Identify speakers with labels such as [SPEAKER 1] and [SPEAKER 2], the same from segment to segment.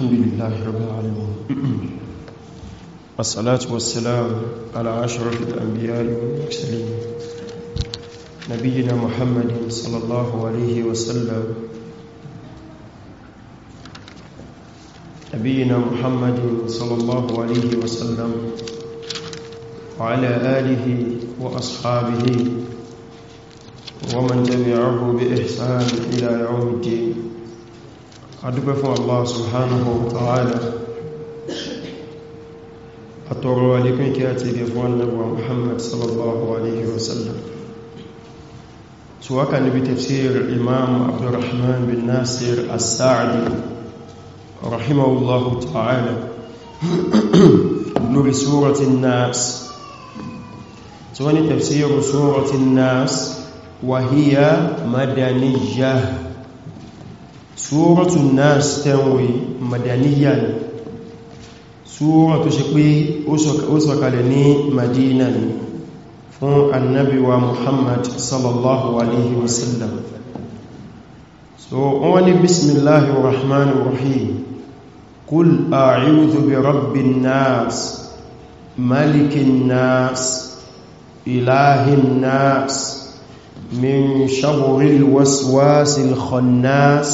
[SPEAKER 1] الحمد لله رب العالمين والصلاة والسلام على أشرف الأنبياء والمرسلين نبينا محمد صلى الله عليه وسلم نبينا محمد صلى الله عليه وسلم وعلى آله وأصحابه ومن تبعه بإحسان إلى يوم الدين adúpẹ́ fún Allah subhanahu wa ta'ala àtọrọ alékún kí a ti gẹ fún annabuwa Muhammad sallallahu alaihi wasallam su waka níbi tafsir imam abdurrahman bin nasir as-sa'adi rahimahullahu ta'ala lórí suratin nas tí wọ́n ni tafsir suratin nas wàhíyà madaniyya ṣúrọ̀tù náà stẹ̀wé madaniya ni ṣúrọ̀ tó ṣe pé ó sọ̀kalẹ̀ ní madina ni fún annabiwa muhammad sallallahu alaihi wasallam so wọ́n ni bismillahi rahman rahim kul a'udhu bi rabbin nas malikin nas ilahin nas min shaburil waswasil khannas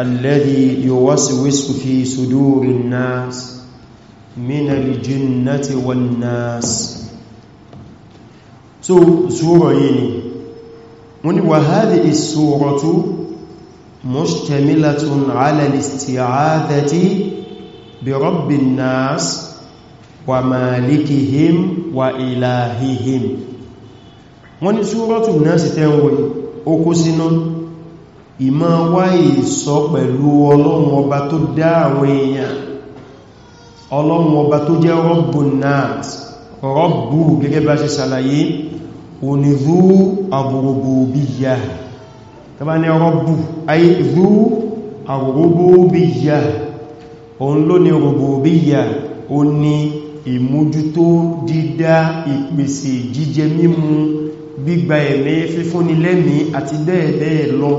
[SPEAKER 1] الذي يوسوس في صدور الناس من الجنة والناس so sura yini muni wa hadhihi suratu mushtamilatun ala al-isti'adati bi rabbin nas wa malikihim wa ilahihim muni suratu nas tanwi ó kó sínú ìmọ̀ wáyé sọ pẹ̀lú ọlọ́run ọba tó dá àwọn èèyàn ọlọ́run ọba tó jẹ́ rọ́bù náàt rọ́bù gẹ́gẹ́ bá ṣe ṣàlàyé onírú àbúrúgbò bí yà tàbá ní rọ́bù ayé irú àbúrúgbò bí yà òun ló ní rọ́bù bí yà ó ní ìmójútó dídá ìpèsè jíjẹ mímu gbígba ẹ̀mẹ́ fífúnni àti bẹ́ẹ̀ bẹ́ẹ̀ lọ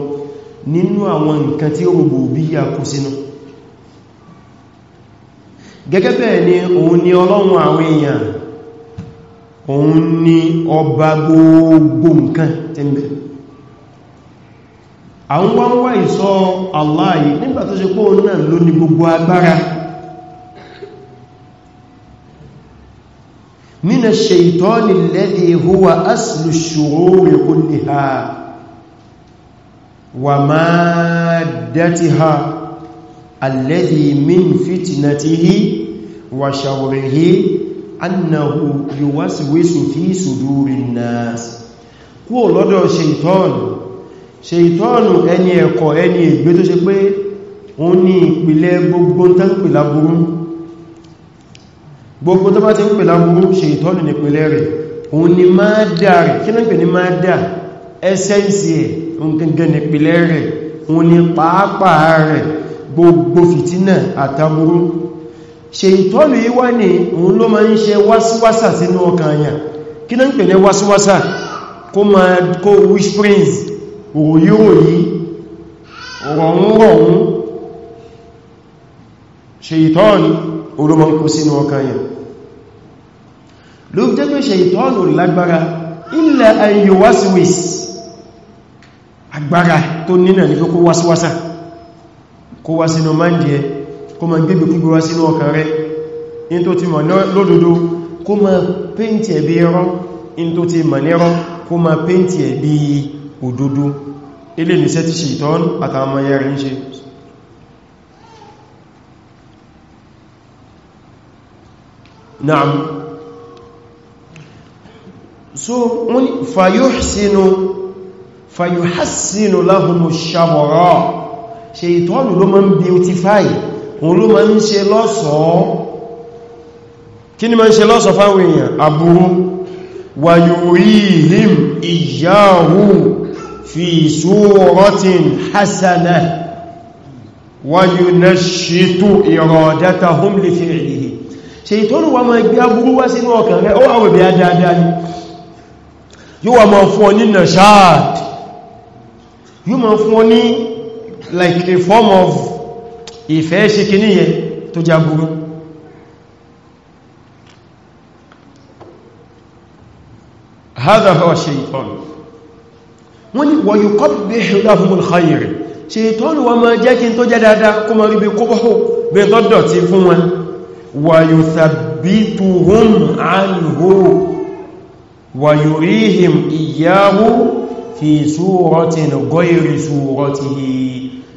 [SPEAKER 1] nínú àwọn nǹkan tí rububiyya kó sínú gẹ́gẹ́ bẹ́ẹ̀ ni òun ni ọlọ́run àwọn èèyàn òun ni ọba gbogbo nǹkan tí ń bẹ àwọn wọ́n wá ìsọ́ Allah nígbà tó ṣe pé òun náà ló ní gbogbo agbára mina shaytani alladhi huwa aslu shururi kulliha ومادتها الذي من فتنته وشوره أنه يوسوس في صدور الناس kúrò lọ́dọ̀ ṣeìtọ́nù ṣeìtọ́nù ẹni ẹ̀kọ́ ẹni ìgbé tó ṣe pé òun ni ìpìlẹ̀ gbogbo tó ń pè láburú gbogbo tó bá ti ń pè láburú ṣeìtọ́nù ní ìpìlẹ̀ rẹ̀ òun ni máa dà rẹ̀ kí náà pè ní máa dà ẹsẹ́ǹsì ẹ̀ gẹ́gẹ́ ní pìlẹ̀ rẹ̀ wọn ni pàápàá rẹ̀ gbogbo fìtínà àtàbúrú ṣe ìtọ́lù ìwá ní òun ló máa ń ṣe wáṣíwáṣà sínú ọkàn àyà kí náà ń pè ní wáṣíwáṣà kó máa kó wish prince òyíòyí ṣe ìtọ́lù olómọ́kú sínú ọkàn àyà ló jẹ́ pé ṣe ìtọ́lù lágbára illa an agbára tó nínà ní kó wáṣíwáṣá kó wá sínú máa ń jẹ kó ma gbégbé gbígbé wá sínú ọkàn rẹ̀ in tó ti mọ̀ lódodo kó ma péntì ẹ̀bí ẹ̀rọ in tó ti mọ̀ nẹ́rọ kó ma péntì ẹ̀bí òdodo ilé nìṣẹ́ ti ìtọ́n àtàwọn fàyùhásínú láhùnmù ṣàmọ̀rọ̀ ṣe ìtọ́nù ló máa ń beautify òun ló máa ń ṣe lọ́ṣọ̀ọ́ kí ni máa ń ṣe lọ́ṣọ̀ọ́ fáwọn èèyàn aburú wàyùríhìm ìyáhù fi suratin hasana wàyùnashitu iradatahum li fi'lihi fún ọ ní nàṣáàdì yóò máa fún ọ ní like a form of ìfẹ́ ṣe kì níyẹ tó já burú hadha huwa shaytan wọ́n ni wọ́n yóò kọ́pù bí lahumul khayr ṣètọ́nù wọn máa jẹ́ kí n tó jẹ́ dáadáa kó fi súrọ́tí ní gọ́ìrì súrọ́tí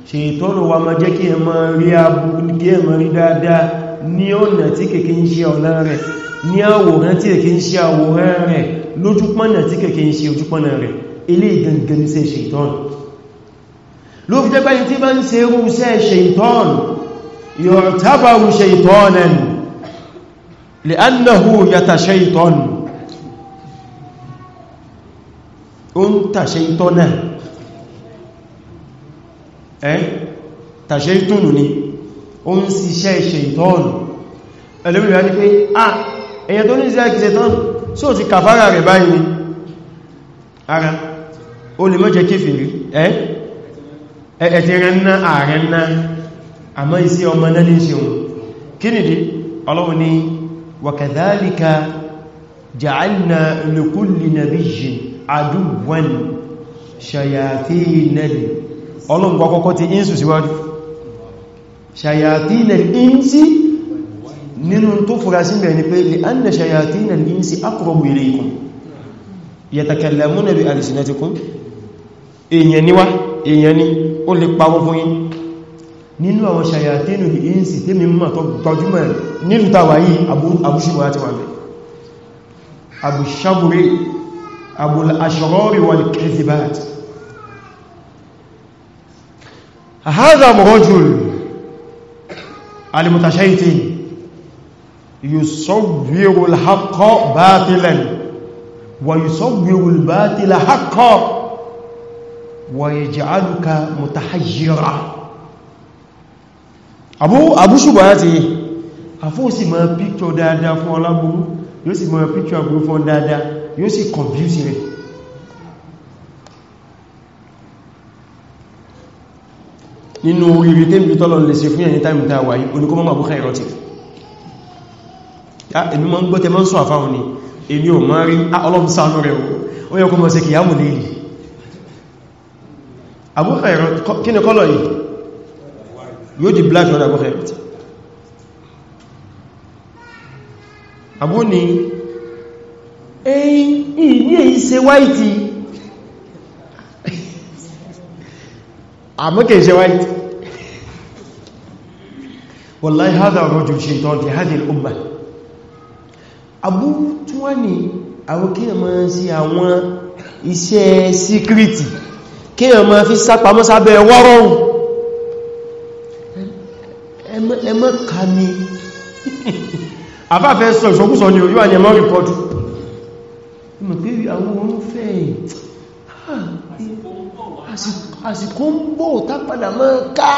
[SPEAKER 1] ṣètọ́nù wa ma jẹ́ kí ẹmọ rí abúgbé ẹmọ rí dáadáa ní ọ̀nà tí kèkè ń ṣe ọ̀nà rẹ̀ ní àwòrán tí kèkè ń ṣe àwòrán rẹ̀ lójúpọ̀nà tí kèkè ń ṣe ojúpọ̀nà rẹ̀ ilé ìgangan ṣe ṣètọ́n ó ń tàṣẹ ìtọ́nà ẹ́ tàṣẹ ìtọ́nù ni ó ń siṣẹ́ ìṣẹ́ ìtọ́nù ẹlẹ́mìnira ní pé à ah, èyàn tó ní ìṣẹ́ ìṣẹ́ tán só ti kàfàrà rẹ̀ báyìí ni ara ó lè mọ́jẹ kéfèrí ẹ́ ẹ̀ẹ̀tì rẹ̀ ná ààrẹ ná àdúgbọ́n ṣayàtínẹ̀lì ọlọ́gbọ́ kọ́kọ́ ti ínsù síwájú ṣayàtínẹ̀lì ínsì nínú tó fura sí mẹ́rin pé lè an da ṣayàtínẹ̀lì insi akọrọ̀bù ilé ikun yàtàkàlàmú na bí alìsìnàtikún èèyàn níwá èèyàn ní ó lè pàwọ́ fún yín nínú àwọn ṣayàtínẹ̀lì ínsì tí mi mọ̀ tó gbajúmọ̀ nílùú tàwà yìí abúṣíwá ti wà bẹ̀ abúṣàbúrí abul ashghari wal kadhibat hadha rajul al mutashaytin yusawwiru al haqqa batilan wa yusawwiru al batila haqqan wa yaj'aluka mutahajjira abu abu shubahati afo si ma picture dáadáa fún olaburu yóò sì mọ̀ picture aburú dáadáa yóò sì confuse rẹ̀ nínú oríire tí bí tọ́lọ lè ṣe fún ẹ̀yìn táìmù tàà wáyé oníkọ́ mọ́ búkà ìrọ̀tì ya èmi mọ́ ń gbọ́tẹ mọ́ ń sọ àfáhùn ni èmi ò máa rí ah, ọlọ́mùsánú rẹ̀ ó yẹ kó mọ́ sí kìí yàmù lè rí àbúkà ìrọ̀tì kí ni kọ́lọ̀ yìí yóò di black lọ́dà búkà ìrọ̀tì àbú ni èyí ìní èyí ṣe wáìtì àmọ́kẹ̀ ṣe wáìtì wallahi hadha rajul shaytan fi hadhihi al-umma abú tí wọ́n ni àwọn kíyàn máa ń sí àwọn iṣẹ́ síkírìtì kíyàn máa fi sápamọ́ sábẹ́ wọ́rọ̀un ẹmọ́ ká ní àfáfẹ́ sọ ìṣọ́kúsọ ni òyíwà ni ẹmọ́ rìpọ́tù àsìkò ń bò tápadà mọ́ ká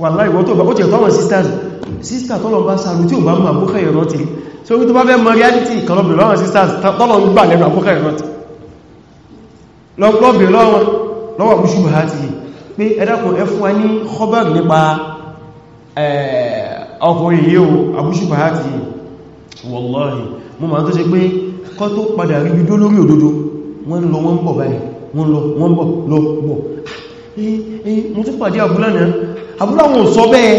[SPEAKER 1] wà láìwọ́ tó bá ó tẹ̀ tọ́wọ̀n sisters sister tọ́lọ̀ bá sàrù tí ó bá mú àbúkẹ́ ìrántí tí ó tó bá fẹ́ mọ́ reality kọlọ̀bì lọ́wọ́n sisters tọ́lọ̀ ń gbà lẹ́nu àbúkẹ́ ìrántí lọ́gbọ́bì lọ́wọ́n lọ́wọ́ bú ṣubù àti pé ẹ̀dàkùn ẹ fún wa ní khobar nípa ọkùnrin yíò àbúṣùbà àti wallahi mo ma tó ṣe pé kọ́ tó padà rí bidó lórí òdodo wọ́n lọ wọ́n bọ̀ báyìí wọ́n lọ wọ́n bọ̀ lọ bọ̀ ah, mo tún pàdé àbúlá náà àbúlá wọn sọ bẹ́ẹ̀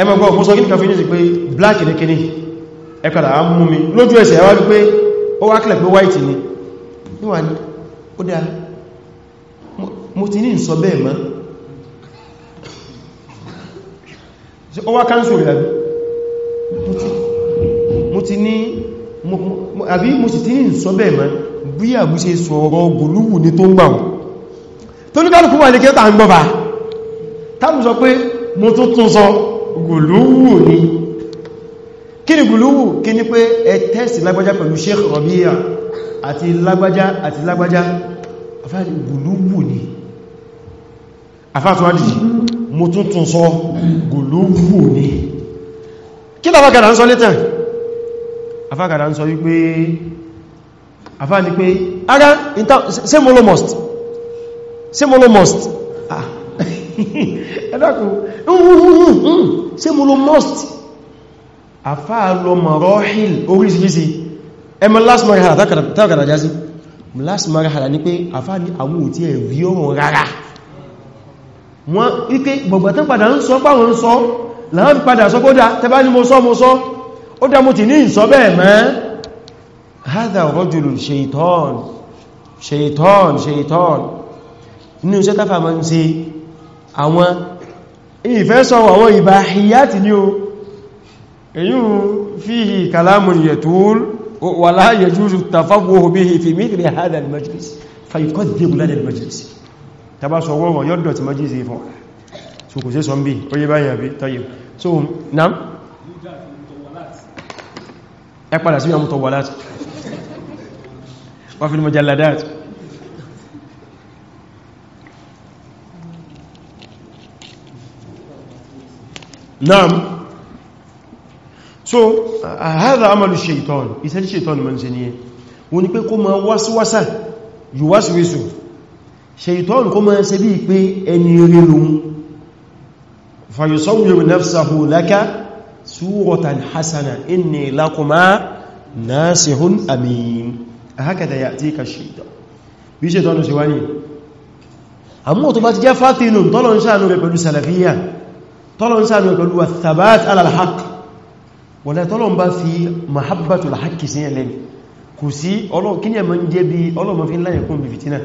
[SPEAKER 1] ẹmọ̀gbọ́ mo sọ kí nìkan fi ní sí pé black ní kíní ẹkàdà á mú mi lójú ẹsẹ̀ wá wípé ó wá kílẹ̀ pé white ni níwà ní ó dá mo ti ní ìsọ bẹ́ẹ̀ mọ́ ó wá káńsù rẹ̀ àbí mo ti bẹ́ẹ̀ mọ́ bí àbú ṣe sọ̀rọ̀ gùlúwù ní tó ń gbàun tó ní kálùkù wà ní kẹta ń gbọ́bà tàbí sọ pé mo tó tún sọ gùlúwù ní kí ni gùlúwù kí ni pé ẹ tẹ́sì lágbájá pẹ̀lú Sheikh Rabi'a àti lágbájá àti lágbájá afá ni gùlúwù ní sọ wípé àfá ní pé ara ṣe mọ́lọ must ṣe mọ́lọ must ẹ̀dàkùn ṣe mọ́lọ must àfá lọ marahil orísìírísìí ẹmọ last marhala tákàtà já sí last marhala ní pé àfá ní àwọn òtí ẹ̀ rí ọ̀rùn rárá wọ́n wípé gbọ̀gbọ̀tán padà ń sọ páwọn sọ láàrín padà sọ kódà tẹbá ní mo sọ mo sọ ó dá mo ti ní ìsọ bẹ́ẹ̀ mẹ́ هذا رجل شيطان شيطان شيطان inú iṣẹ́ tafà ma ń ṣe àwọn ìfẹ́ sọ̀wọ̀ àwọn ìbáhíyàtì ní o èyí fi kalamun yatul wala yajuzu tafawwuhu bihi fi mithli hadha al-majlis fayukadhdhibu lana al-majlis tàbá sọ̀wọ́ wọn yọ́dọ̀ ti majlis fún so kò sí sọ bí ó yé báyìí àbí tayyib so nam ẹ padà sí àmútọ̀wà láti وفي المجلدات نعم so هذا عمل الشيطان iṣẹ́ tí ṣètọ́nù mọ́ ṣe níye wọ́n ni pé kó ma wáṣíwáṣà yíwáṣíwíṣù ṣètọ́nù kó ma ṣe bí pé ẹni rí lóhun fayusawwiru nafsahu laka suratan hasana inni lakuma nasihun amin hakada ya'tika shaytan bí ṣe tọ́nù sí wá ní àmú tó bá ti jẹ́ fàtínù tọ́lọ̀ ń sáànú rẹ̀ pẹ̀lú salafiyya tọ́lọ̀ ń sáànú rẹ̀ pẹ̀lú thabat ala al-haqq wala tọ́lọ̀ ń bá fi mahabbatul haqqi sí ẹlẹ́ni kò sí kíni ẹ̀mọ́ ń jẹ́ bí ọlọ́mọ́ fi láyẹ̀ kún bí fìtínà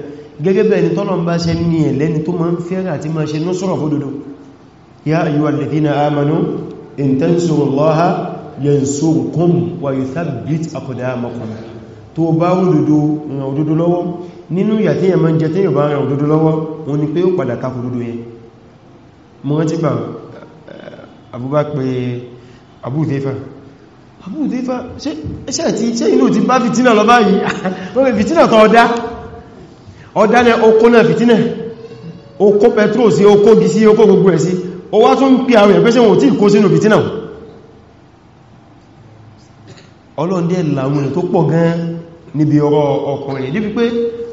[SPEAKER 1] gẹ́gẹ́ bẹ́ẹ̀ ni tọ́lọ̀ ń bá ṣe ní ẹlẹ́ni tó máa ń fẹ́rẹ̀ àti máa ṣe nọ́sọ̀rọ̀ fódodo ya ayyuhal ladhina amanu in tansurullaha yansurkum wa yuthabbit aqdamakum tó bá òdòdó ràn òdòdó lọ́wọ́ nínú ìyà tí ẹ̀mọ́ jẹ tí yóò bá ràn òdòdó lọ́wọ́ wọn ni pé ó padà takò òdòdó yẹn mọ́ rántí gbà àbúbá pé abúdéfà abúdéfà ṣe inú ti bá fìtínà lọ báyìí wọ́n lè fìtínà tọ ọdá ọdá ní okó náà fìtínà okó petro sí okó gi sí okó gbogbo ẹ̀ sí ọlọ́ndẹ̀ làwọn ẹ̀ pọ̀ gan-an níbi ọ̀rọ̀ ọkùnrin níbi pé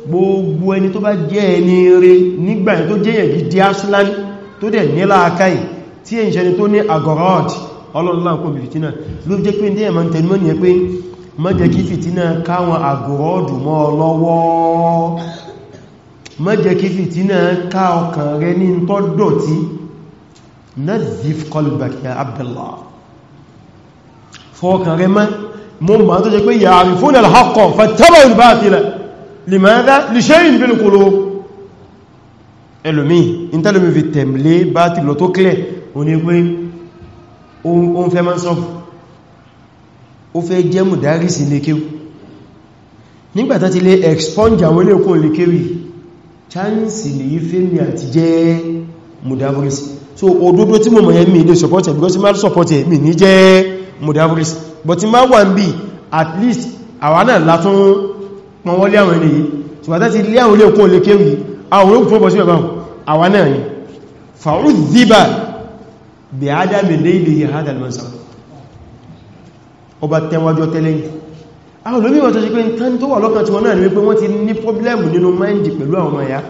[SPEAKER 1] gbogbo ẹni tó bá jẹ́ ẹni rẹ̀ nígbà tó jẹ́yẹ̀ gidi aslan tó dẹ̀ nílá akáì tí èyí ṣẹni tó ní agorod ọlọ́lọ́kùn bí fìtínà ló jẹ́ pé ní ẹ̀mọ̀ tẹnumọ́ ni pé má jẹ́ kí fìtínà káwọn agorod mọ́ lọ́wọ́ má jẹ́ kí fìtínà ká ọkàn rẹ ní máa mo ma tó jẹ́ pé ya'rifuna al-haqqa fattabaʿu al-bāṭila limādhā? li shay'in bil-qulūb ẹlòmí ìntẹ́lòmí fi tẹ̀m̀lé báti lọ tó kílẹ̀ o ní pé o ń fẹ́ máa sọ́pù o fẹ́ jẹ́ mùdárí sí ilé lè expunge so òdodo tí mo mọ̀ yẹ́ mi because mi máa support ẹ̀ mi but in my one bí at least àwa náà látún pọn wọ́lé àwọn ilé yìí ṣùgbọ́n tí ilé àwọn olè kún olè kéwì àwọn olókùn tó bọ̀ sí ẹ̀bọ̀n àwa náà ni fa'udhiba bí ádámi léèlè yìí hádà lọ́nsà ọba tẹwàjọ tẹ́lẹ̀yìn àwọn olómíwọ̀ tó ṣe pé tán tó wà lọ́kàn tí wọ́n náà ni wípé wọ́n ti ní pọ́blẹ́mù nínú máìndì pẹ̀lú àwọn ọmọ ya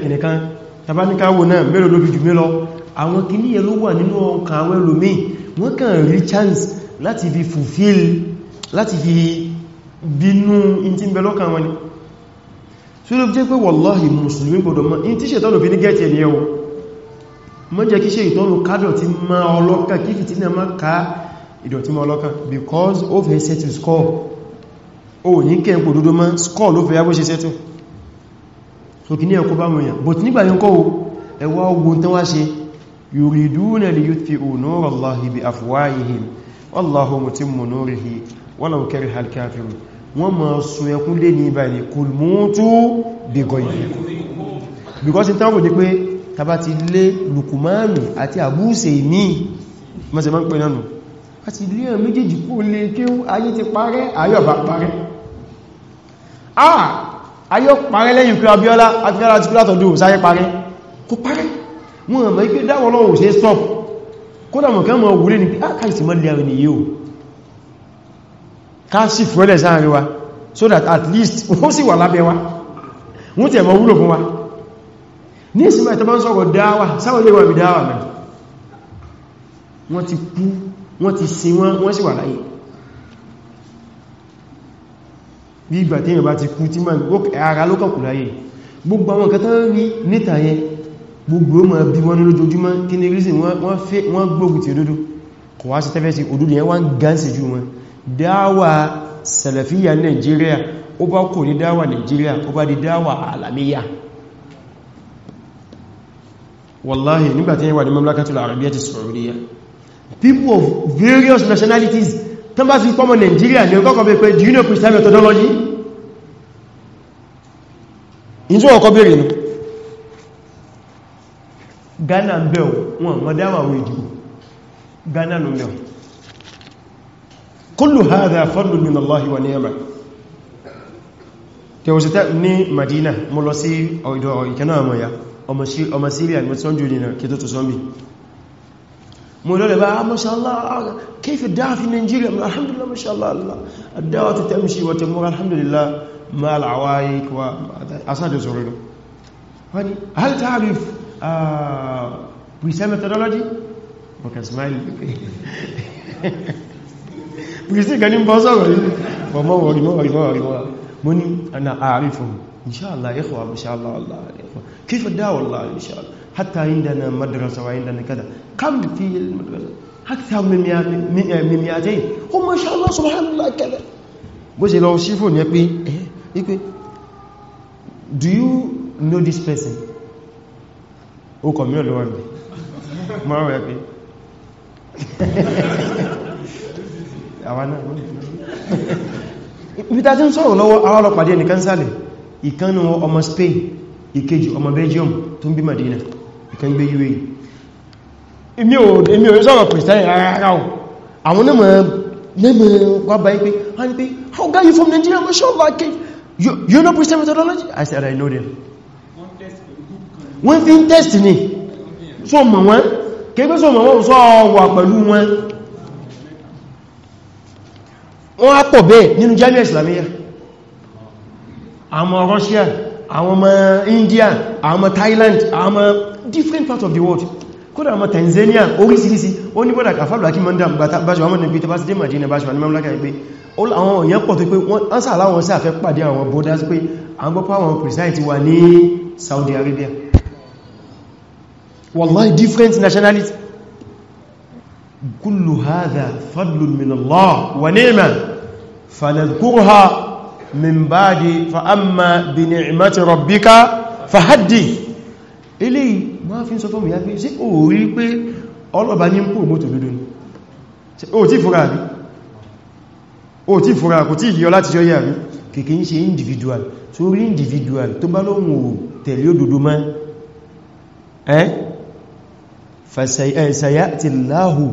[SPEAKER 1] ó sì lè tàbáníkàwò náà mẹ́rọ ló jù mí lọ àwọn kìí yẹ ló wà nínú ọkàn àwọn ẹlòmí wọ́n kàn rí chance láti fi fulfill láti fi bínú tí ń wọn ni tí ó jẹ́ pé wallahi musulmi gbọdọ̀ mọ́ in tí ṣètọ́nù fi ní gẹ́ẹ̀tì ẹni ẹwọ mọ́ jẹ́ kí ṣe ìtọ́nù kádọ̀ ti ma ọlọ́kàn kí fi ti náà má ká ìdọ̀tí ma ọlọ́kàn because ó fẹ́ settle score ó ní kẹ́ òkìní ẹ̀kọ́ bá mọ̀yàn bọ̀ tí nígbà yẹn kọ́ ẹwà ogun tán wá ṣe yuriduna li yutfi'u nura Allahi bi afwahihim wallahu mutimmu nurihi walau kariha al-kafirun wọ́n ma sun ẹkún lé ní ibà ní kul mutu bighayyikum because ìtàwò ní pé tàbá ti lé Lukumanu àti Abu Saymi ayé parẹ́ lẹ́yìn pé Abíọ́lá afẹ́ra ti pílátọ̀ dùn sáyé parẹ́ kò parẹ́ wọn àmọ́ ikú dáwọ́ lọ́wọ́ ṣe stop kódà mọ̀ kẹ́ mọ̀ wùlé ní pé àkàìsì ah, mọ́ lẹ́rin ni yíò ká sì fúrẹ́lẹ̀ sáàrin so that at least ó sì wà lábẹ́ wa wọ́n ti ẹ̀mọ̀ wúlò fún wa ní ìsinmi ìtọ́bá ń sọ̀rọ̀ dáwà sáwọn ilé wa mi dáwà mẹ́ wọ́n ti kú wọ́n ti sin wọ́n sì wà láyé bí ìgbà tí èyàn bá ti kú tí ma ara ló kọ̀kù láyé gbogbo àwọn kẹta rí níta yẹn gbogbo ma bí wọn ní lójoojúmọ́ kí ní rísìn wọ́n wọ́n gbógun ti òdodo kò wá sí tẹ́fẹ́ sí òdodo yẹn wọ́n gánsì jù wọn dáwà sàlàfíyà Nàìjíríà ó bá kò ní dáwà Nàìjíríà ó bá di dáwà alàmíyà wallahi nígbàtí yẹn wà ní mamlakatul arabiya ti Saudiya people of various nationalities tán bá fi pọ́mọ̀ Nigeria ní ọkọ̀kọ̀ bẹ̀ pé do you know Christian methodology in tí wọ́n kọ́ bèèrè nù Ghana ń bẹ̀wọ̀ wọn mọ́dáwà àwọn ìdìbò Ghana ń bẹ̀wọ̀ kullu hadha fadlu min Allahi wa ni'ma tẹ̀wọ̀sítà ní Madina mo lọ sí ọ̀dọ̀ ìkẹ́nà àmọ́ ya ọmọ Syria ni mo ti sọ́mbì مولاي بقى آه، ما شاء الله آه، كيف الدعوة في نيجيريا الحمد لله ما شاء الله الله الدعوة تمشي وتمر الحمد لله ما العوائق وأساد زرنا يعني هل تعرف آه ميثودولوجي methodology وكان سمايل بيسي كان وما هو ما هو ما هو مني أنا أعرفهم إن شاء الله إخوة ما شاء الله الله كيف الدعوة والله إن شاء الله حتى عندنا مدرسة وعندنا كذا كم في المدرسة أكثر من 200 هم ما شاء الله سبحان الله كذا بس لو سيفون يبي يبي do you know this person ó kọ̀ mí ọ̀lọ́wọ́ rẹ̀ máa rẹ̀ pé àwọn náà mítà tí ń sọ̀rọ̀ lọ́wọ́ àwọn ọlọ́pàá díẹ̀ nìkan sálẹ̀ ìkan ọmọ Spain ìkejì ọmọ Belgium tó ń bí Madina kan gbé uae èmi ò èmi ò sọ̀rọ̀ kìrìsìtẹ́nì rárá o àwọn náà mọ̀ wá báyí pé wọ́n ni pé how guy you from Nigeria mashallah ke you, you know Christian methodology I said I know them wọ́n fi ń test ni so mọ̀ wọ́n kéèkéé so mọ̀ wọ́n sọ wà pẹ̀lú wọn wọ́n á pọ̀ bẹ́ẹ̀ nínú jami'a islamiyya àmọ́ Russia àwọn ọmọ India àwọn ọmọ Thailand àwọn ọmọ different parts of the world kódà àwọn Tanzania orísìírísì ó ní bọ́dà kàfàlù àkí mọ́ndà báṣọ àwọn ọmọdé bá sí dé Madina báṣọ àwọn ọmọdé pé àwọn èèyàn pọ̀ tó pé wọ́n sà láwọn sí àfẹ́ pàdé àwọn borders pé àwọn gbọ́pọ̀ àwọn president wà ní Saudi Arabia wallahi different nationality kullu hadha fadlun min wa ni'ma fanadhkurha min bádi fa amma bi ni'mati rabbika fa haddi ilé ma fi ń sọ fún ìyá pé sí o rí pé ọlọ́ba ní ń pò mọ́tò lódó ní o tí fúra rí o tí fúra kò tí ìyọ láti yọ́yà rí kìkì ń ṣe individual tó rí individual tó bá lóhun ò tẹ̀lé òdòdó mọ́ ẹ́ fasayati Allahu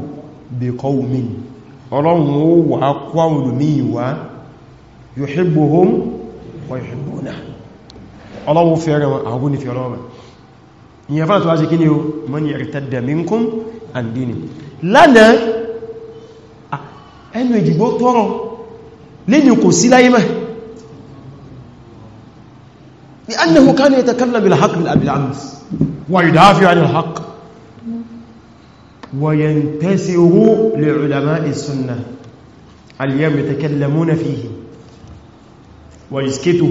[SPEAKER 1] bi qawmin ọlọ́run ó wà kó يحبهم ويحبونه من يرتد منكم عن دينه لنا إن yùhìbùhùn wàyùhìbùnà ọlọ́wọ́ fẹ́rẹ̀ àwọn agúnifẹ̀ لأنه كان يتكلم بالحق من أبي العمس ويدافع عن الحق وينتسر لعلماء السنة اليوم يتكلمون فيه wọ́n ìskétò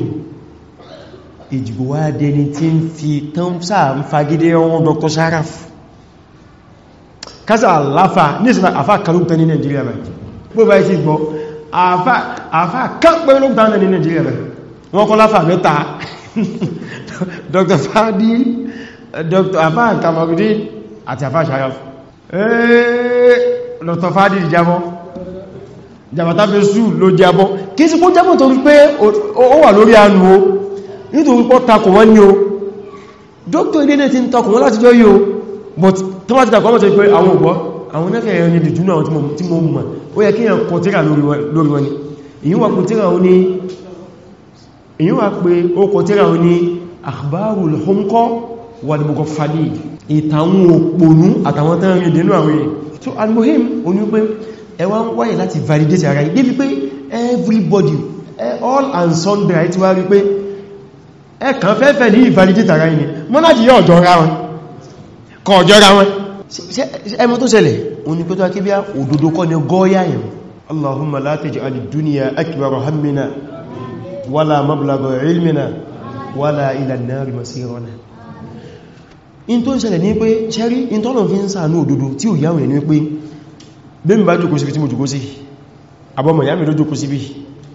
[SPEAKER 1] ìdìbò wá dẹni tí ń fi tán sáà ń fagídé ọwọ́n Dr. Sharaf kásà aláfà nísìnà àfá kalúgbẹ́ ní Nigeria rẹ̀ bó bá ti gbọ́ àfá kápẹ́ ló gbá ní Nigeria rẹ̀ wọ́n kọ́ láfà mẹ́ta Dr. Fadi Dr. àfá Kamarudin àti àfá Sharaf Dr. Fadi ìjábọ́ jàbàtà fi sú ló jábọ́ kí sí kó jábọ́ torí pé ó wà lórí anú o nítorí pọ́ takò wọ́n ní o dókítà ilé náà ti ń takò wọ́n láti jọ yíò but tó bá ti takò wọ́n tó pé àwọn ògbọ́ àwọn náà fẹ̀yẹ̀ ní dìjú náà tí mo mọ̀ ni ìyún wà pé tíra wọn ni ìyún wà pé ó kọ tíra wọn ni akhbarul hunqa wal mughfali ìtàwọn òpònú àtàwọn tán rí so al-muhim ẹwà ń wáyé láti validate ara yìí débi pé everybody all and sundry àti wá rí pé ẹkàn fẹ́fẹ́ ní validate ara yìí mọ́nájì yóò jọra wọn kò jọra wọn ẹmọ tó ṣẹlẹ̀ òní pé tó wá kí bí òdòdó kọ́ Allahumma la taj'al ad-dunya akbara hammina wala mablagha ilmina wala ila an masirana in tó ń ṣẹlẹ̀ ní pé ṣẹ́rí in tọ́lọ̀ fi ń bí mi bá jùkú síbi tí mo jùkú sí abọ́mọ̀ ìyá mi ló jùkú síbi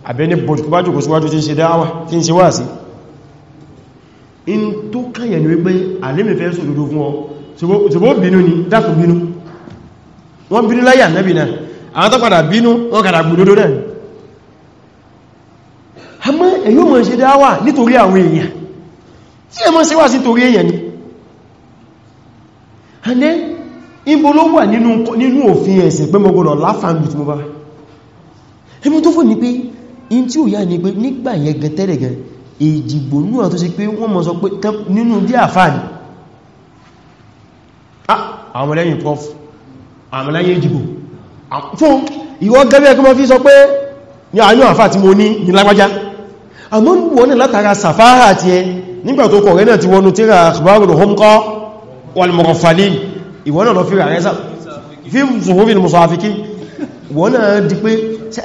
[SPEAKER 1] àbẹ́ni bọ̀jùkú bá jùkú síwájú tí ń ṣe dáwà tí ń ṣe ni dákù bínú wọ́n bínú láyà nẹ́bì náà àwọn tó padà bínú wọ́n kàdà gbòdodo náà àmọ́ èyí mọ̀ ṣe dáwà nítorí àwọn èèyàn tí ibo ló wà nínú òfin ẹ̀sìn pé mọ́gbọ́nà láfàmì tí mo bá ẹmú tó fún ní pé in tí ò yá ní pé nígbà yẹn gan tẹ́lẹ̀ gan tó sì pé wọ́n mọ̀ sọ pé nínú bí àfáàní ah, àwọn prof àwọn lẹ́yìn èjìgbò ah, fún ìwọ gẹ́gẹ́ ẹgbẹ́ mọ́ fi sọ pé ní àánú àfáà tí mo ní ní lágbájá àmọ́ wọ́n ní látara sàfáà àti ẹ ìwọ́n náà lọ fi rẹ̀ fi zuhufin musafiki wọ́n náà di pé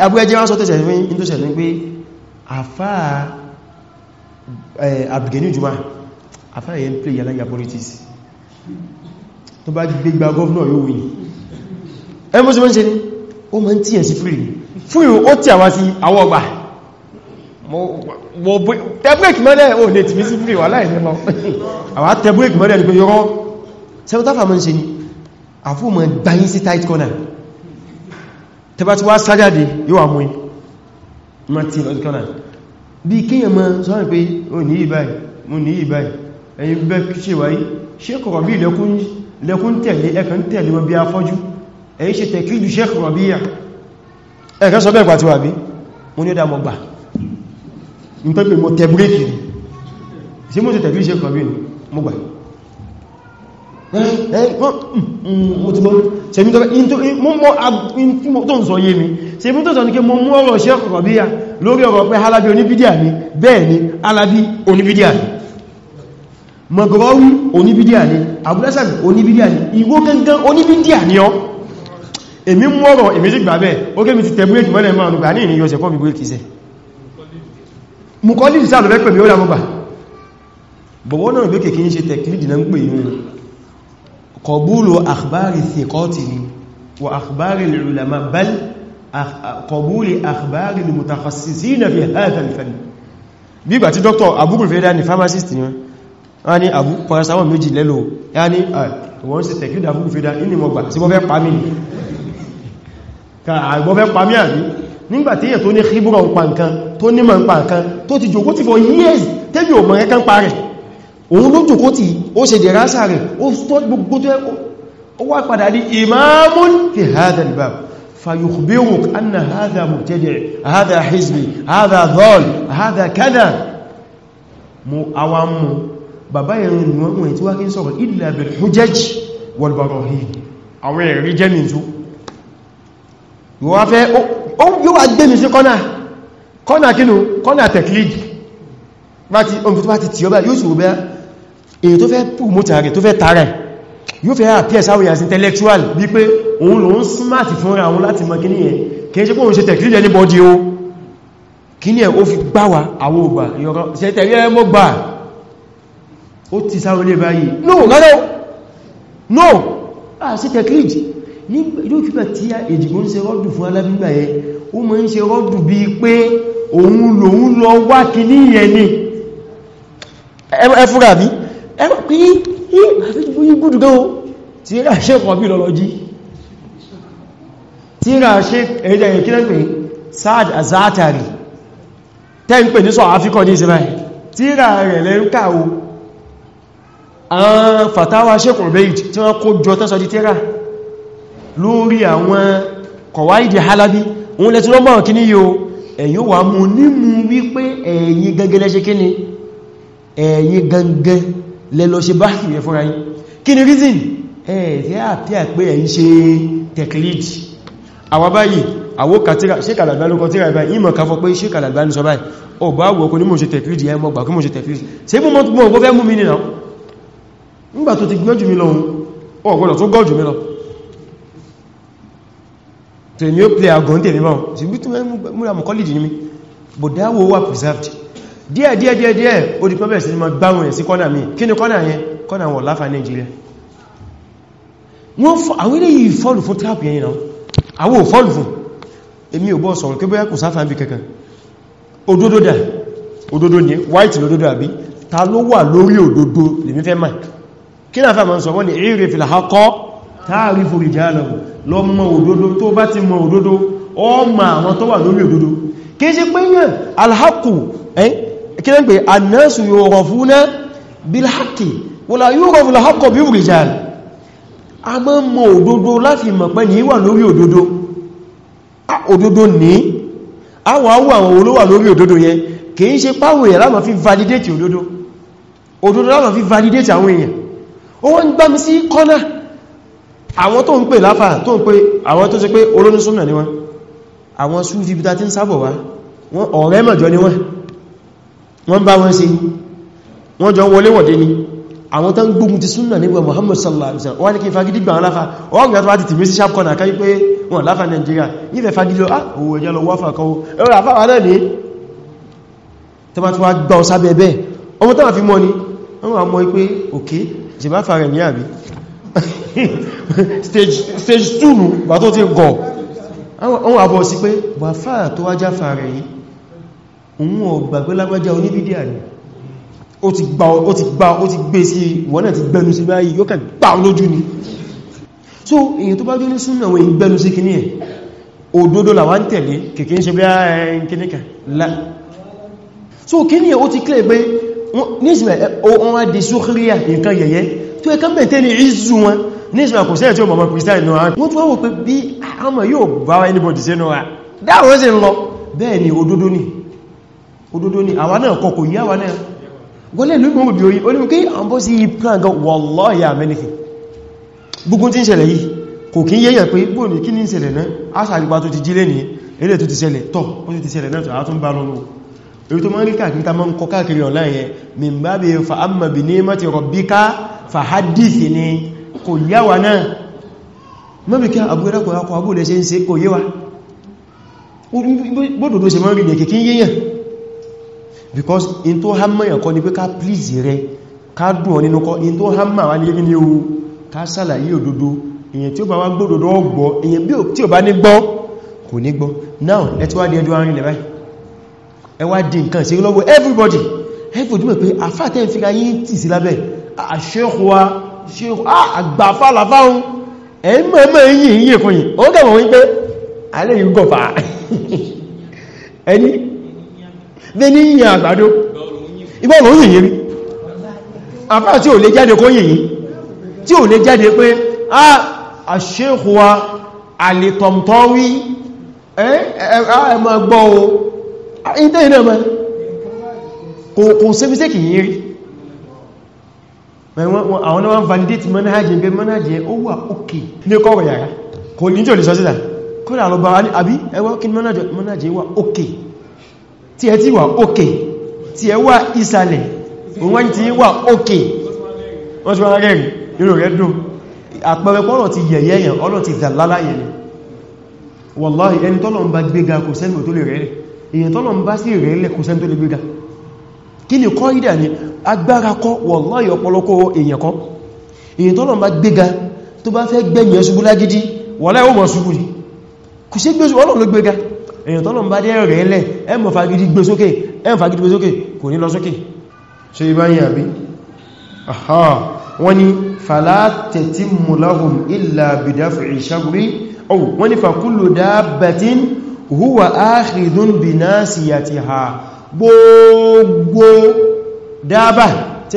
[SPEAKER 1] abúrẹ́jẹ́ wọ́n sọ tẹ́sẹ̀ fún ìtòsẹ̀ ní pé àfá abgeni juma àfá yẹn play yalaya politics tó bá gbígbà gọ́ọ̀nà yóò win ẹ mọ́ sí mọ́ sí ní ó mọ́ tí ẹ̀ sí free fún ìwọ̀n ó tí àwá sí àwọ̀ ọgbà tẹ́búrẹ́kì mọ́lẹ̀ ò lè tìmí sí free wà láìsẹ́ lọ àwá tẹ́búrẹ́kì mọ́lẹ̀ ní pé yọ́rọ́ sẹ́wọ́n tàfà mọ́ ṣe ni àfún mọ́ gbáyín sí tight corner tẹba tí wá sájáde yóò àmú ìmọ̀ tí lọ́dún corner bí kíyàn mọ́ sọ́rọ̀ pé o ní ìbáyìí mo ní ìbáyìí ẹ̀yin bẹ́ ṣe wáyí Sheikh Rabi lẹ́kún tẹ̀lé ẹ̀kan tẹ̀lé wọn bí afọ́jú ẹ̀yin ṣe tẹ̀kíjù mo ní ó dá mọ́ gbà ní mo gbà Mm, mm, mo ti gbọ́ ṣe mi tó ń sọ yé mi ṣe mi tó sọ ní kí mo mú ọ̀rọ̀ ṣe rọ̀bíyà lórí ọ̀rọ̀ pé alábí oníbídíà ni bẹ́ẹ̀ ni alábí oníbídíà ni magọ̀wáwí oníbídíà ni abúlẹ́sàmì oníbídíà ni ìwọ gangan oníbídíà ni ọ èmi mú ọ̀rọ̀ èmi ti gbà bẹ́ẹ̀ ó kẹ́ mi ti tẹ búrékì mọ́lẹ̀ máa nùgbà ní ìníyàn ṣẹ̀kọ́ mi búrékì sẹ́ mú kọ́lì ìsáàlù rẹ̀ pẹ̀lú ó lámọ́gbà kọbúlù àkbárí thikọ́tì ni wa àkbárí l'ulama bal kọbúlì àkbárí mutakhasisi na fi haka nifani bígbà tí dr abúgbùn fẹ́dá ni pharmacist ni wọ́n ni abu parasamọ́ méjì lẹ́lò ah, ya ni wọ́n sì tẹ̀kí da abúgbùn fẹ́dá inú mọ̀gbà sí wọ́n fẹ́ pàmì ah, nígbà tí èyẹ tó ní ṣíbúrọ̀ years tẹ́bí ò mọ̀ ẹ̀kan òun ló jùkó tí ó ṣe dẹ̀ rásà rẹ̀ ó stọ́t gbogbo tó ó wá padà ní imamun fi hadha albab fayukhbiruk anna hadha mubtadi hadha hizbi hadha dhal hadha kada mu awam mu bàbá yẹn ni wọ́n wọ́n tí wá kí ń sọ̀rọ̀ illa bil hujaj wal barahin àwọn ẹ̀rí jẹ́ nìtú yóò bá ti tí ọba yóò sì rú èyí tó fẹ́ promote ààrẹ tó fẹ́ tààrẹ yóò fẹ́ appear sáwẹ̀ as intellectual bí pé òun lòun smart fúnra òun láti mọ kíní yẹn kìí ṣe pé òun ṣe tẹ̀kìlì ẹni bọ́dí o kíní ẹ̀ ó fi gbá wa àwọn ògbà yọ̀rọ̀ ṣe tẹ̀rí ẹ mọ́ gbà ó ti sáwẹ̀ lé báyìí no rárá no a ṣe tẹ̀kìlì ní ìlúkìgbà tí èjìgbó ń ṣe rọ́dù fún alábígbà ẹ ó mọ́ ń ṣe rọ́dù bí pé òun lòun lọ wá kíní yẹn ni ẹ fúra bí ẹ̀rọ pé yí àfíjúbú yí gúdù gan o tí ra ṣe kọ̀ bí lọ́lọ́jí tí ra ṣe ẹ̀jẹ̀ ìkílẹ̀ pé Saad Azatari tẹ́ ń pè ní sọ àfikọ́ ní ìsinmi tí ra rẹ̀ lẹ́rúkà o àwọn fatawa ṣekùn bẹ́ìtì tí wọ́n kó jọ tẹ́sọ di tẹ́rà lórí àwọn kọ̀wáìdì halabi wọ́n lẹ́tí lọ́mọ̀ kí ní yóò ẹ̀yin wà mú ní wípé ẹ̀yin gangan lẹ́ṣe kí lẹ lọ ṣe báyìí rẹ fúnra yín kí ni reason ẹ̀ẹ̀fẹ́ àpíà pé ẹ̀ ń ṣe teclid àwa báyìí àwó kàtíra ṣékàlàgbà ló kọtíra ìbá ìmọ̀ káfọ́ pé ṣékàlàgbà ní sọ báyìí ọba àwọ̀ kò ní mò ṣe teclid ẹ mọ́gbà kí mò ṣe teclid ṣe mú mọ́ ọgbọ́ fẹ́ mú mi nìna nígbà tó preserved díẹ̀ díẹ̀ díẹ̀ díẹ̀ ó di pẹ́bẹ̀ sí ma gbáwọn ẹ̀ sí kọ́nà mi kí ni kọ́nà yẹn kọ́nà wọn láfà Nigeria wọ́n fọ́ àwọn ilé yìí fọ́lù fún trap yẹn náà àwọn ò fọ́lù fún èmi ò bọ́ sọ̀rọ̀ kí bóyá kò sáfà bí ni white lódodo àbí ta ló wà lórí òdodo lèmi fẹ́ mà kí náà fà máa ni èrè fìlà akọ́ táàrí forí jà lọ lọ mọ òdodo tó bá ti mọ òdodo ọ ma àwọn pé yẹn alhaku eh kílẹ̀ pé annasu yurafuna bilhaki wala yurafu alhaqqu birrijal a mọ́ mọ́ òdodo láti mọ̀ pé ní wà lórí òdodo òdodo ní àwọn awọ àwọn olówà lórí òdodo yẹn kìí ṣe páwọn èèyàn láàmà validate òdodo òdodo láàmà validate àwọn èèyàn ó wọ́n ń gbá mi sí kọ́nà àwọn tó ń pè láfà tó ń pè àwọn tó ṣe pé olónúsúnà ni wọ́n àwọn súfí bí ta ti ni wọ́n wọ́n bá wọn sí wọ́n jọ wọlé wọ̀dé ni àwọn tán gbógun ti súnnà nígbà Muhammad sallallahu alaihi wasallam wọ́n ní kí fagidi gbà aláfà wọ́n gbà tó bá ti tìmí sí sharp corner káyí pé wọ́n láfà Nigeria nífẹ̀ẹ́ fagidi ah owó ẹjọ́ lọ wáfà kan ẹwọ́ àfáwà náà ní tó bá tó wá gbà ọsá bẹ̀ẹ̀bẹ̀ ọmọ tó wà fi mọ́ ni wọ́n wà mọ́ pé òkè jìbá fà rẹ̀ ní àbí stage 2 bà tó ti gọ̀ wọ́n wà bọ́ sí pé wà fà tó wá jáfà rẹ̀ yìí òun ọgbà pé lágbàjá oníbídíà ni ó ti gbá ó ti gbá ó ti gbé sí wọ́n náà ti gbẹnu sí báyìí yóò kàn gbá lójú ni so èyàn tó bá jó ní súnà wọ́n gbẹnu sí kìíní ẹ̀ òdodo làwá ń tẹ̀lé kìkí ṣe bí i eh, so kìíní ẹ̀ ó ti kílẹ̀ pé nísìmẹ̀ wọ́n wá di sókíríà nǹkan yẹ̀yẹ́ tó ẹ̀kan bẹ̀ tẹ́lẹ̀ ìzù wọn nísìmẹ̀ kò sẹ́ẹ̀ tí ó mọ̀mọ̀ kristian náà wọ́n tún wọ́n pé bí àmọ̀ yóò bá bẹ́ẹ̀ ni òdodo ni òdodo ni àwa náà kọkò yí àwa náà gọ́lẹ̀ lóògbọ́n òbí orí o ní kí àwọn bọ́ sí plan gan wallahi amẹ́nìfì gbogbo tí ń ṣẹlẹ̀ yìí kò kí yẹ́yẹ̀ pé bóòlù kí ní ṣẹlẹ̀ náà a sàrípa tó ti jílé ní eré tó ti fa amma bi ni'mati fa hadith ni kò yáwa náà mọ́bí kí àbúrẹ́dá kò yá kọ abúrẹ́ ṣe ń ṣe kò yíwa gbọ́dọ̀dọ̀ ṣe yíyàn because in tó hamma yàn kọ́ ni pé ká please rẹ ká dùn ọ nínú kọ́ in tó hamma wá ní gẹ́gẹ́ ní ewu ká sàlàyé òdodo èyàn tí ó bá wá gbódodo ọgbọ́ èyàn bí tí ó bá ní gbọ́ kò ní gbọ́ now let's wá di ẹjọ́ arin lẹ̀ báyìí ẹ wá di nǹkan sí lọ́gbọ́ everybody everybody mọ̀ pé àfáàtẹ́ fi ra yìí tì sí lábẹ́ àṣẹ́kùwa àgbàfàlàfáhun ẹ̀mọ̀ ẹ̀mọ̀ yìí yìí kò yìí ó dẹ̀mọ̀ wípé alẹ́ yìí gọ̀fà ẹni bẹ́ ní yìnyìn àgbàdo ìgbọ́nà òyìn yìí rí àfá tí ò lè jáde kó yìnyìn tí ò lè jáde pé a àṣẹ́kùwa àlètọ̀mtọ́wí ẹmọ gbọ́ o ìdẹ́ iná mẹ́ kò sí fi sékì yìí rí àwọn náà validate manhajì bẹ manhajì ó wà òkè ní kọ́wọ̀ yàrá kò ní jò lè sọ sílẹ̀ kó lè àlọ́bà àbí ẹwọ́ kí manhajì wà òkè tí ẹ ti wà òkè tí ẹ wà ìsàlẹ̀ òun ti wà òkè wọ́n ti wọ́n rẹ̀rìn irò rẹ̀ dùn àpẹẹrẹ pọ́lọ̀ ti yẹ̀yẹ́ yẹn ọlọ́ ti dàlálà yẹn wàláhì ẹni tọ́lọ̀ ń bá gbéga kò sẹ́ni tó lè rẹ̀lẹ̀ èyàn tọ́lọ̀ ń bá sí rẹ̀lẹ̀ kò sẹ́ni tó lè gbéga kí ni kọ́ ìdà ni agbára kọ́ wàláhì ọpọlọkọ́ èyàn kọ́ èyàn tọ́lọ̀ ń bá gbéga tó bá fẹ́ gbẹ̀yìn ẹṣubú lágídí wàláhì ó mọ̀ ṣubú ni kò sí gbé èyàn tọ́lọ̀ bá dé rẹ̀ lẹ́ ẹmọ̀ fagidi gbé sókè ẹmọ̀ fagidi gbé sókè kò ní lọ sókè ṣe ibáyìn àbí aha wọ́n ni falatẹ̀tí mulahum illa bidafi shaguri ọwọ́ wọ́n ni fakullu dabbatin huwa akhidun bi nasiyatiha gbogbo dábà tí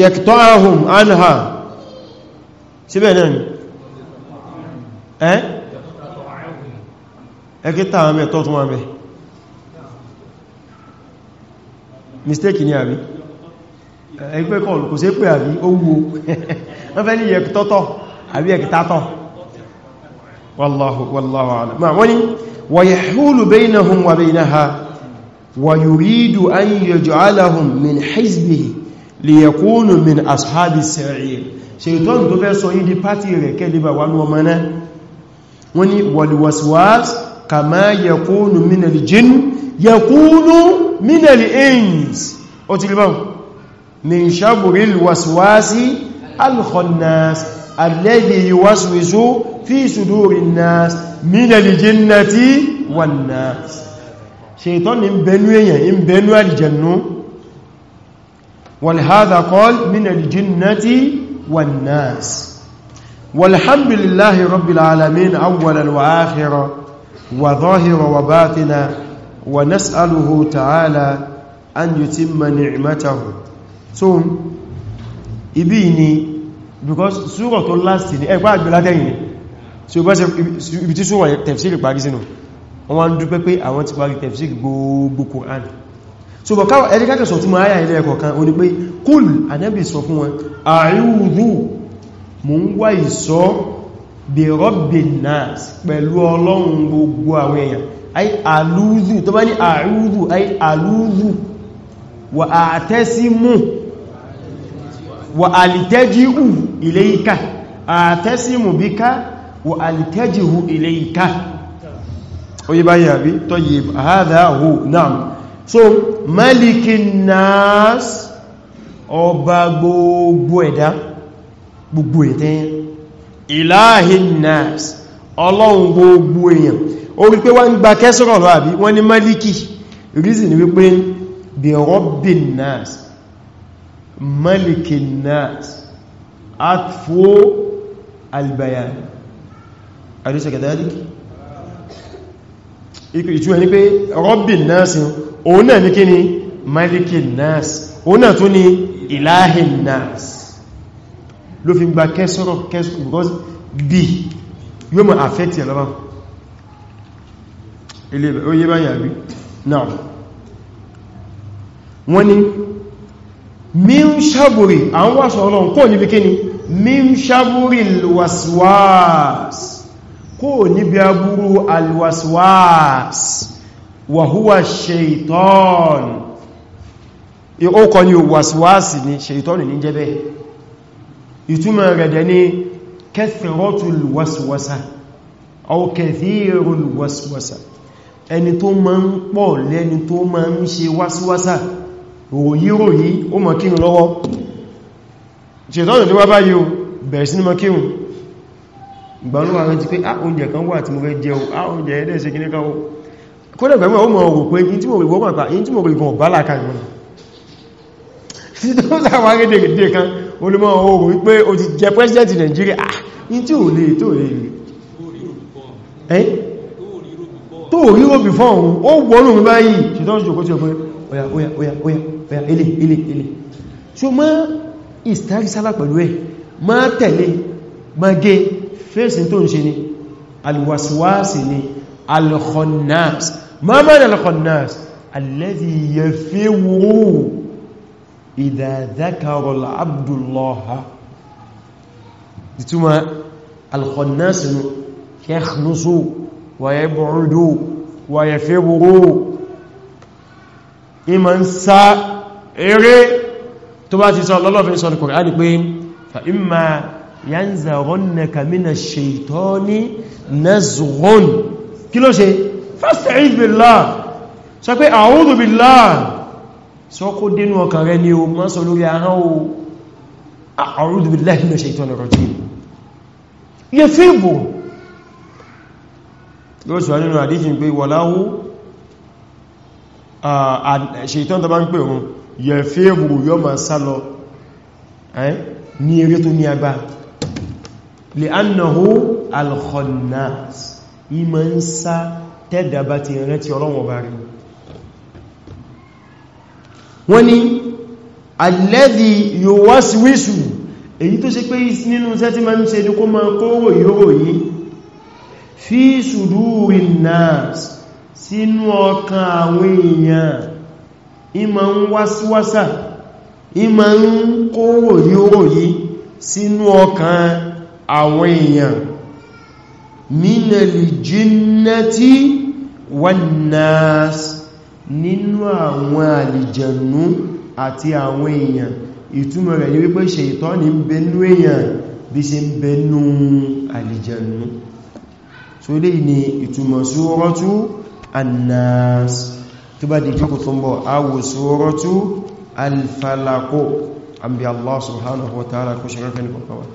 [SPEAKER 1] yẹ̀kìtọ́ahùn anha síbẹ̀ náà ni ẹ́ ẹkítà àwọn mẹ́tọ́ tún wọ́n mẹ́ mistake ni àbí ẹgbẹ́ kọlù kò sí pé àbí ó wú wọ́n fẹ́ ní yẹ̀kìtọ́tọ́ àbí yẹ̀kìtátọ́ wallahu wallahu a'lam ma wani wa yahulu bainahum liyakunu min ashabi sa'ir shaitan tó fẹ́ sọ yín di party rẹ̀ ke le ba wa nu ọmọ náà wọ́n ní wal waswas kama yakunu min al jin yakunu min al ins ó ti libawo min shabril waswasi al ولهذا قال من الجنة والناس والحمد لله رب العالمين أولا وآخرا وظاهرا وباطنا ونسأله تعالى أن يتم نعمته so ibi ni because sura to last ni ẹgbẹ́ àgbẹ̀látẹ́yìn ni tí ó bá ṣe ibi sura tafsir parí sínú wọ́n dúpẹ́ pé àwọn ti parí tafsir gbogbo Kùránì so bọ̀ káwà ẹni kákẹsọ̀ tí ma áyà ilẹ̀ ẹ̀kọ̀kan o ní pé kúl ànábì sọ fún wọn àríwùdú mú ń wá ìsọ́ bí rọ́bìn náà pẹ̀lú ọlọ́run gbogbo àwọn èèyàn ay alúzù tó bá ní àríwùdú ay alúzù wà báyìí àbí tó yí àhádà hù náà so malikin nas ọba gbogbo ẹ̀dá gbogbo ẹ̀tẹ́yẹn ilahin nas ọlọ́run gbogbo èèyàn ó wípé wọ́n ń gba kẹsọ́rọ̀ lọ àbí wọ́n ní maliki reason ni wípé bí rọ́bìn nas malikin nas atfo albayan adúsẹ̀kẹ̀dá ìtú ẹni pé rọ́bì náàsì òun náà ní kí ni maliki náàsì òun náà tó ní ìláhì náàsì ló fi gba kẹsọ́rọ̀ kẹsọ́rọ̀ because b yóò mọ̀ affect ẹ̀ lọ́wọ́ ilé oyé bá yàrí náà wọ́n ni mín ṣàbòrì àwọn wáṣọ́ ọlọ́run kò ní ni mín ṣàbòrì waswas kó níbi agbúrú alwaswas wàhúwà shaitan ó kọ ní waswasi ni shaitan ni jẹ́bẹ̀ ìtumọ̀ rẹ̀ dẹ̀ ní kẹsìrọ́tul waswasa au kẹsìrọ́tul waswasa ẹni tó ma ń pọ̀ lẹ́ni tó ma ń ṣe waswasa ròyíròyí ó mọ̀ kí shaitan ní wá báyìí bẹ̀rẹ̀ sí mọ̀ kí ìgbàlúwà rẹ̀ ti pé á ah, oúnjẹ kan wà tí mo rẹ̀ jẹ́ o á ah, oúnjẹ ẹ̀dẹ́ ṣe kíníkà o kódẹ̀ pẹ̀lú ọmọ ọ̀rọ̀ pé yí tí mo rí wọ́n pàpà yí tí mo rí gan bálá kan ìwọ̀n tí tó sáwà rí dèdè kan olùmọ̀ ọ̀rọ̀ wípé o ti jẹ pẹ́sidẹ̀ntì Nàìjíríà yí tí ò lè tó rí tó rí rò bìfọ́ òun ó wọ́n òun báyìí ṣe tó ń ṣòkó tí ó pé oya oya oya oya oya ilé ilé ilé so ma ìstárísálà pẹ̀lú ẹ̀ ma tẹ̀lé ma gé fèsì tó ń ṣe ni alwaswasi ni alkhonnas ma mana alkhonnas alladhi yafiwu idha dhakara al'abdullaha ìtumọ̀ alkhonnas ni yakhnusu wa yab'udu wa yafiwu ìmọ̀ ń sá eré tó bá ti sọ lọ́lọ́fin sọ ní pé fa imma yanzaghannaka minash shaitani nazghun kí ló ṣe fasta'idh billah sọ pé a'udhu billah sọ kó dénú ọkàn rẹ ni o má sọ lórí ahán o a'udhu billahi minash shaitani rajim yẹ fíìbù ló sọ nínú àdíjì pé wọ̀láwó ṣètọ́n tó bá ń pè òun yẹ fíìbù yọ ma sálọ ní eré tó ní agbára lè annahu alkhonnas ìmọ̀ ń sá tẹ́dàbá ti rẹ̀ tí ọlọ́wọ̀n bá rí wọ́n ni alẹ́dì yóò wá síwísù èyí tó ṣe pé nínú sẹ́tí ma ń ṣe ní kó ma kóòrò yóò yìí fi sùdúrì náà sínú ọkàn àwọn èèyàn ìmọ̀ ń wáṣíwáṣà ìmọ̀ ń kóòrò yóò yìí sínú ọkàn àwọn èèyàn mínàlì jínnàtí wannas nínú àwọn àlìjẹ̀nú àti àwọn èèyàn ìtumọ̀ rẹ̀ ní wípé ṣètánì ń bẹnú èèyàn bí ṣe ń bẹnú àlìjẹ̀nú so lè ní ìtumọ̀ sórọ́tú annas tó bá dìjọ́ kò tún bọ̀ awò sórọ́tú alfalako